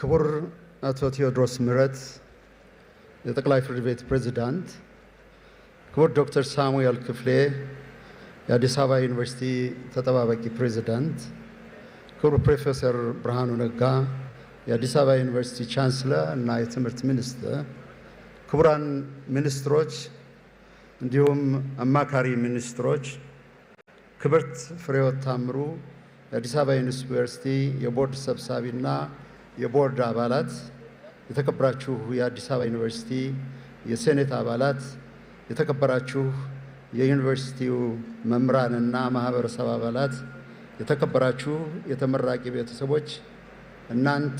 ክቡር አቶ ቴዎድሮስ ምረት የጠቅላይ ፍርድ ቤት ፕሬዚዳንት፣ ክቡር ዶክተር ሳሙኤል ክፍሌ የአዲስ አበባ ዩኒቨርሲቲ ተጠባባቂ ፕሬዚዳንት፣ ክቡር ፕሮፌሰር ብርሃኑ ነጋ የአዲስ አበባ ዩኒቨርሲቲ ቻንስለር እና የትምህርት ሚኒስትር፣ ክቡራን ሚኒስትሮች እንዲሁም አማካሪ ሚኒስትሮች፣ ክብርት ፍሬወት ታምሩ የአዲስ አበባ ዩኒቨርሲቲ የቦርድ ሰብሳቢና የቦርድ አባላት፣ የተከበራችሁ የአዲስ አበባ ዩኒቨርሲቲ የሴኔት አባላት፣ የተከበራችሁ የዩኒቨርሲቲው መምህራንና ማህበረሰብ አባላት፣ የተከበራችሁ የተመራቂ ቤተሰቦች፣ እናንት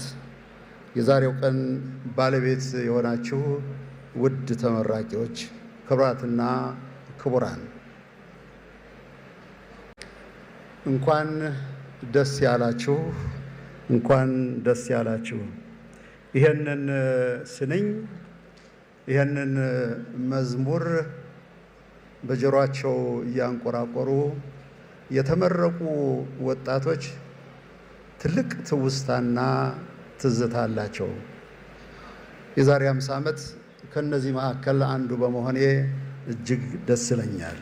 የዛሬው ቀን ባለቤት የሆናችሁ ውድ ተመራቂዎች፣ ክቡራትና ክቡራን እንኳን ደስ ያላችሁ። እንኳን ደስ ያላችሁ። ይህንን ስንኝ ይህንን መዝሙር በጆሯቸው እያንቆራቆሩ የተመረቁ ወጣቶች ትልቅ ትውስታና ትዝታ አላቸው። የዛሬ 50 ዓመት ከነዚህ መካከል አንዱ በመሆኔ እጅግ ደስ ይለኛል።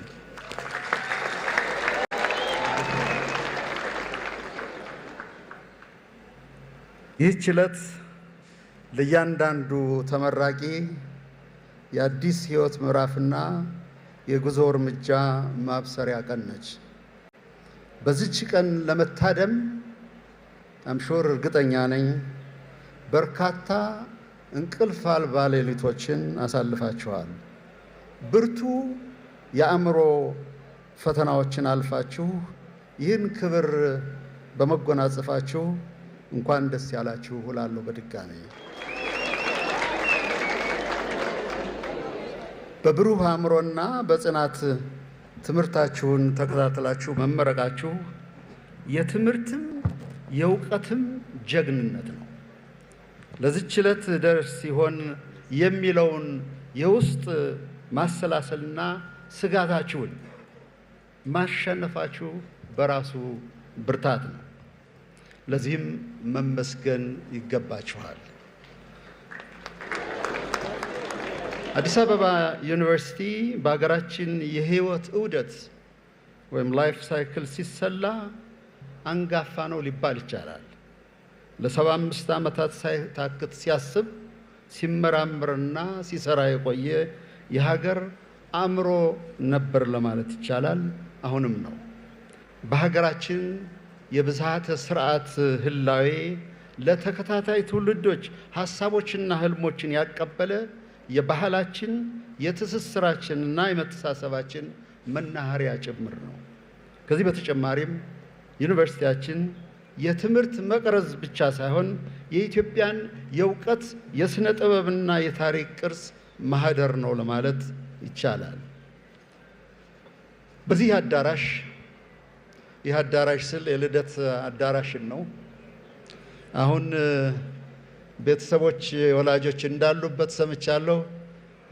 ይህች ዕለት ለእያንዳንዱ ተመራቂ የአዲስ ሕይወት ምዕራፍና የጉዞ እርምጃ ማብሰሪያ ቀን ነች። በዚች ቀን ለመታደም አምሾር እርግጠኛ ነኝ በርካታ እንቅልፍ አልባ ሌሊቶችን አሳልፋችኋል። ብርቱ የአእምሮ ፈተናዎችን አልፋችሁ ይህን ክብር በመጎናጸፋችሁ እንኳን ደስ ያላችሁ እላለሁ። በድጋሚ በብሩህ አእምሮና በጽናት ትምህርታችሁን ተከታትላችሁ መመረቃችሁ የትምህርትም የእውቀትም ጀግንነት ነው። ለዚች ዕለት ደርስ ሲሆን የሚለውን የውስጥ ማሰላሰልና ስጋታችሁን ማሸነፋችሁ በራሱ ብርታት ነው። ለዚህም መመስገን ይገባችኋል። አዲስ አበባ ዩኒቨርሲቲ በሀገራችን የህይወት እውደት ወይም ላይፍ ሳይክል ሲሰላ አንጋፋ ነው ሊባል ይቻላል። ለሰባ አምስት ዓመታት ሳይታክት ሲያስብ ሲመራምርና ሲሰራ የቆየ የሀገር አእምሮ ነበር ለማለት ይቻላል። አሁንም ነው በሀገራችን የብዛተ ስርዓት ህላዌ ለተከታታይ ትውልዶች ሀሳቦችና ህልሞችን ያቀበለ የባህላችን የትስስራችንና የመተሳሰባችን መናኸሪያ ጭምር ነው። ከዚህ በተጨማሪም ዩኒቨርሲቲያችን የትምህርት መቅረዝ ብቻ ሳይሆን የኢትዮጵያን የእውቀት የሥነ ጥበብና የታሪክ ቅርስ ማህደር ነው ለማለት ይቻላል። በዚህ አዳራሽ ይህ አዳራሽ ስል የልደት አዳራሽን ነው። አሁን ቤተሰቦች ወላጆች እንዳሉበት ሰምቻለሁ።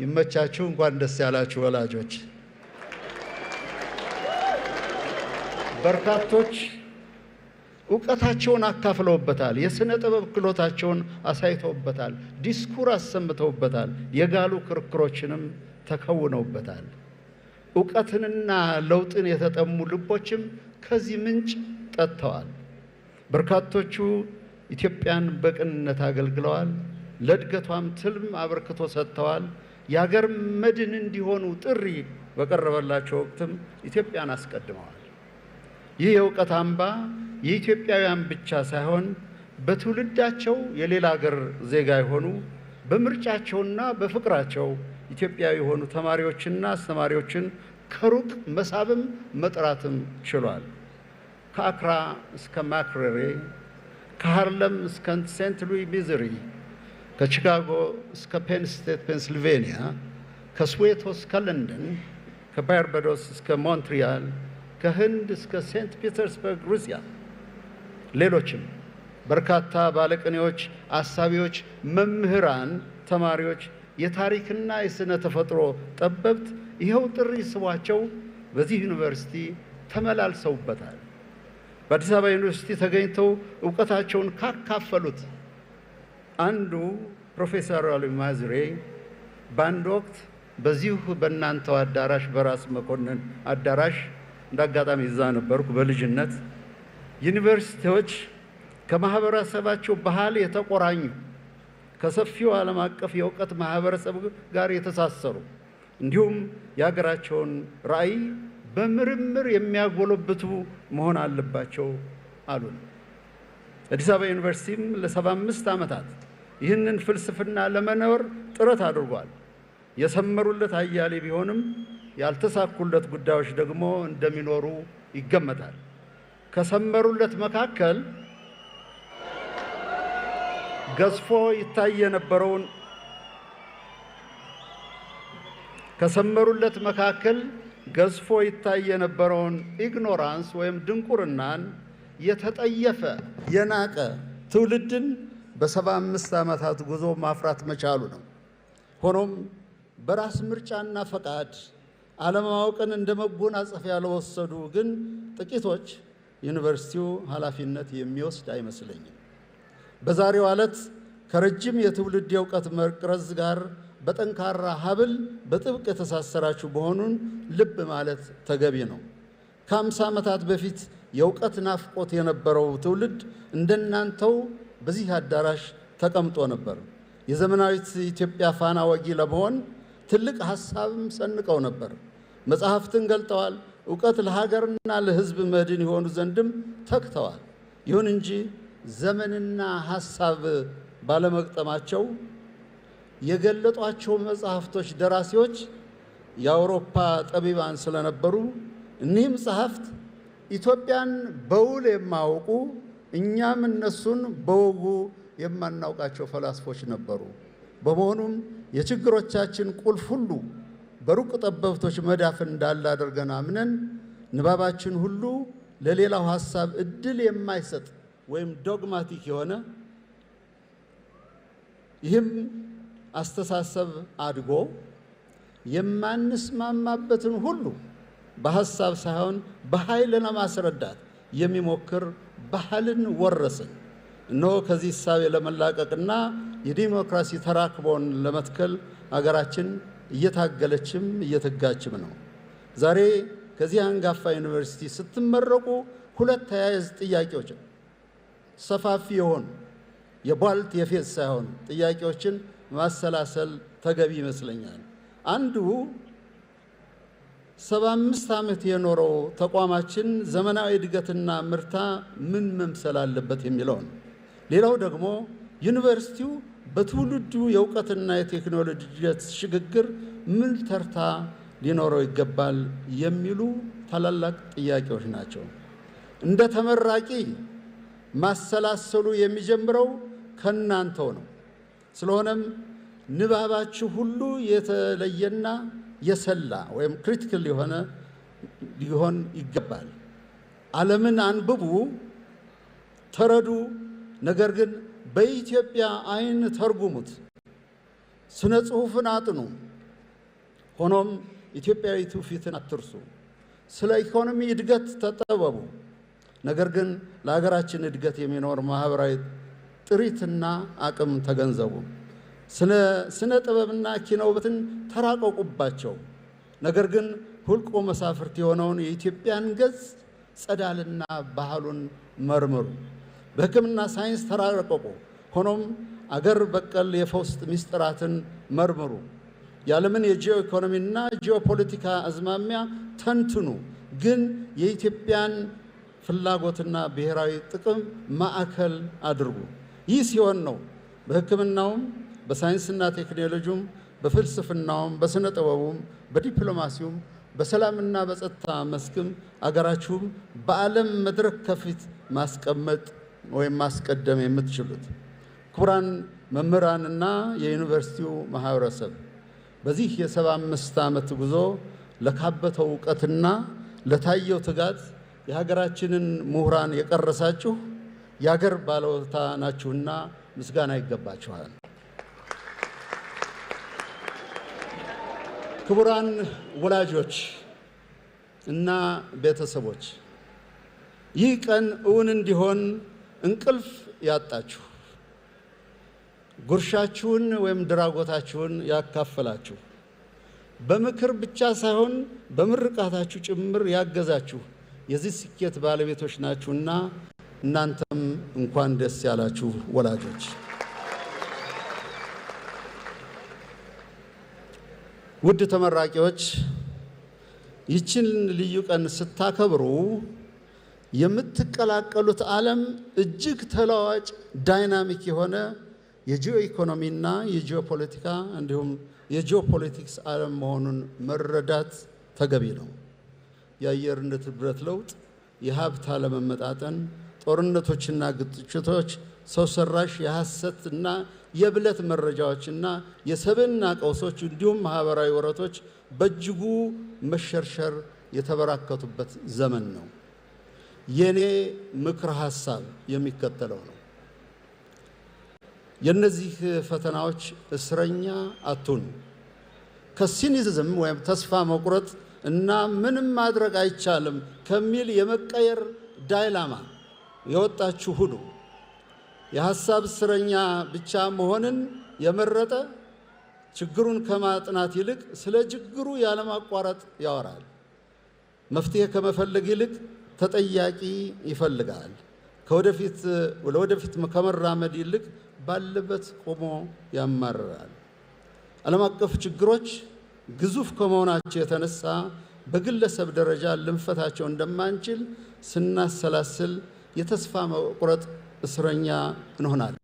ይመቻችሁ። እንኳን ደስ ያላችሁ ወላጆች። በርካቶች እውቀታቸውን አካፍለውበታል። የሥነ ጥበብ ክሎታቸውን አሳይተውበታል። ዲስኩር አሰምተውበታል። የጋሉ ክርክሮችንም ተከውነውበታል። እውቀትንና ለውጥን የተጠሙ ልቦችም ከዚህ ምንጭ ጠጥተዋል። በርካቶቹ ኢትዮጵያን በቅንነት አገልግለዋል። ለእድገቷም ትልም አበርክቶ ሰጥተዋል። የሀገር መድን እንዲሆኑ ጥሪ በቀረበላቸው ወቅትም ኢትዮጵያን አስቀድመዋል። ይህ የእውቀት አምባ የኢትዮጵያውያን ብቻ ሳይሆን በትውልዳቸው የሌላ ሀገር ዜጋ የሆኑ በምርጫቸውና በፍቅራቸው ኢትዮጵያዊ የሆኑ ተማሪዎችና አስተማሪዎችን ከሩቅ መሳብም መጥራትም ችሏል። ከአክራ እስከ ማክሬሬ፣ ከሃርለም እስከ ሴንት ሉዊ ሚዙሪ፣ ከቺካጎ እስከ ፔን ስቴት ፔንስልቬንያ፣ ከስዌቶ እስከ ለንደን፣ ከባርበዶስ እስከ ሞንትሪያል፣ ከህንድ እስከ ሴንት ፒተርስበርግ ሩሲያ፣ ሌሎችም በርካታ ባለቅኔዎች፣ አሳቢዎች፣ መምህራን፣ ተማሪዎች፣ የታሪክና የሥነ ተፈጥሮ ጠበብት ይኸው ጥሪ ስቧቸው በዚህ ዩኒቨርሲቲ ተመላልሰውበታል። በአዲስ አበባ ዩኒቨርሲቲ ተገኝተው እውቀታቸውን ካካፈሉት አንዱ ፕሮፌሰር አሉ ማዝሬ በአንድ ወቅት በዚሁ በእናንተው አዳራሽ በራስ መኮንን አዳራሽ እንደ አጋጣሚ እዛ ነበርኩ በልጅነት ዩኒቨርሲቲዎች ከማህበረሰባቸው ባህል የተቆራኙ ከሰፊው ዓለም አቀፍ የእውቀት ማህበረሰብ ጋር የተሳሰሩ እንዲሁም የሀገራቸውን ራዕይ በምርምር የሚያጎለብቱ መሆን አለባቸው አሉን። አዲስ አበባ ዩኒቨርሲቲም ለሰባ 75 ዓመታት ይህንን ፍልስፍና ለመኖር ጥረት አድርጓል። የሰመሩለት አያሌ ቢሆንም ያልተሳኩለት ጉዳዮች ደግሞ እንደሚኖሩ ይገመታል። ከሰመሩለት መካከል ገዝፎ ይታይ የነበረውን ከሰመሩለት መካከል ገዝፎ ይታይ የነበረውን ኢግኖራንስ ወይም ድንቁርናን የተጠየፈ የናቀ ትውልድን በሰባ አምስት ዓመታት ጉዞ ማፍራት መቻሉ ነው። ሆኖም በራስ ምርጫና ፈቃድ አለማወቅን እንደ መጎናጸፍ ያልወሰዱ ግን ጥቂቶች ዩኒቨርሲቲው ኃላፊነት የሚወስድ አይመስለኝም። በዛሬው ዕለት ከረጅም የትውልድ የእውቀት መቅረዝ ጋር በጠንካራ ሀብል በጥብቅ የተሳሰራችሁ መሆኑን ልብ ማለት ተገቢ ነው። ከአምሳ ዓመታት በፊት የእውቀት ናፍቆት የነበረው ትውልድ እንደናንተው በዚህ አዳራሽ ተቀምጦ ነበር። የዘመናዊት ኢትዮጵያ ፋና ወጊ ለመሆን ትልቅ ሀሳብም ሰንቀው ነበር። መጽሐፍትን ገልጠዋል። እውቀት ለሀገርና ለሕዝብ መድን የሆኑ ዘንድም ተክተዋል። ይሁን እንጂ ዘመንና ሀሳብ ባለመግጠማቸው የገለጧቸው መጽሐፍቶች ደራሲዎች የአውሮፓ ጠቢባን ስለነበሩ እኒህ መጽሐፍት ኢትዮጵያን በውል የማያውቁ እኛም እነሱን በወጉ የማናውቃቸው ፈላስፎች ነበሩ። በመሆኑም የችግሮቻችን ቁልፍ ሁሉ በሩቅ ጠበብቶች መዳፍ እንዳለ አድርገን አምነን ንባባችን ሁሉ ለሌላው ሀሳብ እድል የማይሰጥ ወይም ዶግማቲክ የሆነ ይህም አስተሳሰብ አድጎ የማንስማማበትን ሁሉ በሐሳብ ሳይሆን በኃይል ለማስረዳት የሚሞክር ባህልን ወረስን። እነሆ ከዚህ እሳቤ ለመላቀቅና የዲሞክራሲ ተራክቦን ለመትከል አገራችን እየታገለችም እየተጋችም ነው። ዛሬ ከዚህ አንጋፋ ዩኒቨርሲቲ ስትመረቁ ሁለት ተያያዝ ጥያቄዎች ሰፋፊ የሆኑ የቧልት የፌዝ ሳይሆን ጥያቄዎችን ማሰላሰል ተገቢ ይመስለኛል። አንዱ ሰባ አምስት ዓመት የኖረው ተቋማችን ዘመናዊ እድገትና ምርታ ምን መምሰል አለበት የሚለው ነው። ሌላው ደግሞ ዩኒቨርሲቲው በትውልዱ የእውቀትና የቴክኖሎጂ እድገት ሽግግር ምን ተርታ ሊኖረው ይገባል የሚሉ ታላላቅ ጥያቄዎች ናቸው። እንደ ተመራቂ ማሰላሰሉ የሚጀምረው ከእናንተው ነው። ስለሆነም ንባባችሁ ሁሉ የተለየና የሰላ ወይም ክሪቲካል የሆነ ሊሆን ይገባል። ዓለምን አንብቡ፣ ተረዱ፣ ነገር ግን በኢትዮጵያ አይን ተርጉሙት፣ ስነ ጽሑፍን አጥኑ። ሆኖም ኢትዮጵያዊ ትውፊትን አትርሱ። ስለ ኢኮኖሚ እድገት ተጠበቡ። ነገር ግን ለሀገራችን እድገት የሚኖር ማህበራዊ ጥሪትና አቅም ተገንዘቡ። ስነ ጥበብና ኪነውበትን ተራቀቁባቸው። ነገር ግን ሁልቆ መሳፍርት የሆነውን የኢትዮጵያን ገጽ ጸዳልና ባህሉን መርምሩ። በሕክምና ሳይንስ ተራቀቁ። ሆኖም አገር በቀል የፈውስጥ ሚስጥራትን መርምሩ። የዓለምን የጂኦ ኢኮኖሚና ፖለቲካ አዝማሚያ ተንትኑ። ግን የኢትዮጵያን ፍላጎትና ብሔራዊ ጥቅም ማዕከል አድርጉ። ይህ ሲሆን ነው በሕክምናውም በሳይንስና ቴክኖሎጂውም በፍልስፍናውም በስነ ጥበቡም በዲፕሎማሲውም በሰላምና በጸጥታ መስክም አገራችሁም በዓለም መድረክ ከፊት ማስቀመጥ ወይም ማስቀደም የምትችሉት። ክቡራን መምህራንና የዩኒቨርሲቲው ማህበረሰብ በዚህ የሰባ አምስት ዓመት ጉዞ ለካበተው እውቀትና ለታየው ትጋት የሀገራችንን ምሁራን የቀረሳችሁ የአገር ባለውለታ ናችሁና ምስጋና ይገባችኋል። ክቡራን ወላጆች እና ቤተሰቦች ይህ ቀን እውን እንዲሆን እንቅልፍ ያጣችሁ ጉርሻችሁን ወይም ድራጎታችሁን ያካፈላችሁ በምክር ብቻ ሳይሆን በምርቃታችሁ ጭምር ያገዛችሁ የዚህ ስኬት ባለቤቶች ናችሁና እናንተም እንኳን ደስ ያላችሁ ወላጆች። ውድ ተመራቂዎች ይችን ልዩ ቀን ስታከብሩ የምትቀላቀሉት ዓለም እጅግ ተለዋጭ ዳይናሚክ የሆነ የጂኦ ኢኮኖሚና የጂኦ ፖለቲካ እንዲሁም የጂኦ ፖለቲክስ ዓለም መሆኑን መረዳት ተገቢ ነው። የአየር ንብረት ለውጥ፣ የሀብት አለመመጣጠን ጦርነቶችና ግጭቶች ሰው ሰራሽ የሐሰትና የብለት መረጃዎችና የሰብና ቀውሶች እንዲሁም ማህበራዊ ወረቶች በእጅጉ መሸርሸር የተበራከቱበት ዘመን ነው። የኔ ምክር ሐሳብ የሚከተለው ነው። የእነዚህ ፈተናዎች እስረኛ አትሁኑ። ከሲኒዝም ወይም ተስፋ መቁረጥ እና ምንም ማድረግ አይቻልም ከሚል የመቀየር ዳይላማ የወጣችሁ ሁኑ። የሐሳብ እስረኛ ብቻ መሆንን የመረጠ ችግሩን ከማጥናት ይልቅ ስለ ችግሩ ያለማቋረጥ ያወራል። መፍትሄ ከመፈለግ ይልቅ ተጠያቂ ይፈልጋል። ከወደፊት ለወደፊት ከመራመድ ይልቅ ባለበት ቆሞ ያማርራል። ዓለም አቀፍ ችግሮች ግዙፍ ከመሆናቸው የተነሳ በግለሰብ ደረጃ ልንፈታቸው እንደማንችል ስናሰላስል የተስፋ መቁረጥ እስረኛ እንሆናለን።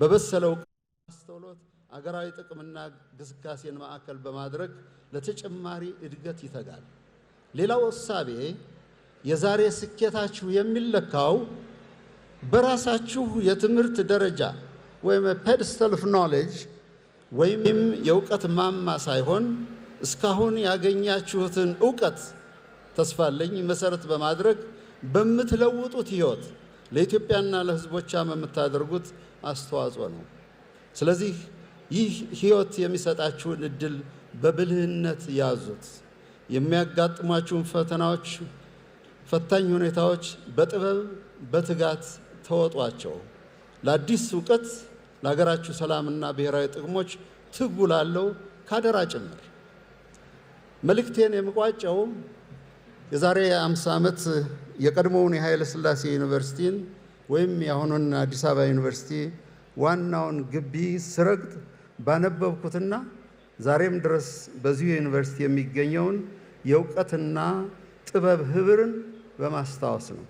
በበሰለው አስተውሎት አገራዊ ጥቅምና ግስጋሴን ማዕከል በማድረግ ለተጨማሪ እድገት ይተጋል። ሌላው እሳቤ የዛሬ ስኬታችሁ የሚለካው በራሳችሁ የትምህርት ደረጃ ወይም ፔድስተል ኦፍ ኖሌጅ ወይም የእውቀት ማማ ሳይሆን እስካሁን ያገኛችሁትን እውቀት ተስፋለኝ መሰረት በማድረግ በምትለውጡት ህይወት ለኢትዮጵያና ለህዝቦቻ የምታደርጉት አስተዋጽኦ ነው። ስለዚህ ይህ ህይወት የሚሰጣችሁን እድል በብልህነት ያዙት። የሚያጋጥሟችሁን ፈተናዎች፣ ፈታኝ ሁኔታዎች በጥበብ በትጋት ተወጧቸው። ለአዲስ እውቀት፣ ለሀገራችሁ ሰላምና ብሔራዊ ጥቅሞች ትጉ ላለው ካደራ ጭምር መልእክቴን የምቋጨው የዛሬ 50 ዓመት የቀድሞውን የኃይለ ሥላሴ ዩኒቨርሲቲን ወይም የአሁኑን አዲስ አበባ ዩኒቨርሲቲ ዋናውን ግቢ ስረግጥ ባነበብኩትና ዛሬም ድረስ በዚሁ ዩኒቨርሲቲ የሚገኘውን የእውቀትና ጥበብ ህብርን በማስታወስ ነው።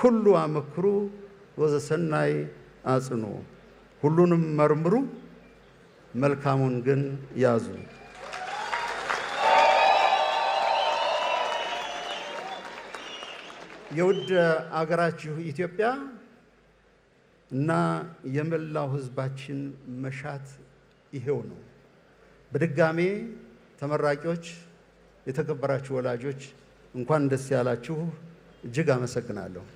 ኩሉ አመክሩ ወዘሰናይ አጽኑ፣ ሁሉንም መርምሩ፣ መልካሙን ግን ያዙ። የውድ አገራችሁ ኢትዮጵያ እና የመላው ህዝባችን መሻት ይሄው ነው። በድጋሜ ተመራቂዎች፣ የተከበራችሁ ወላጆች እንኳን ደስ ያላችሁ። እጅግ አመሰግናለሁ።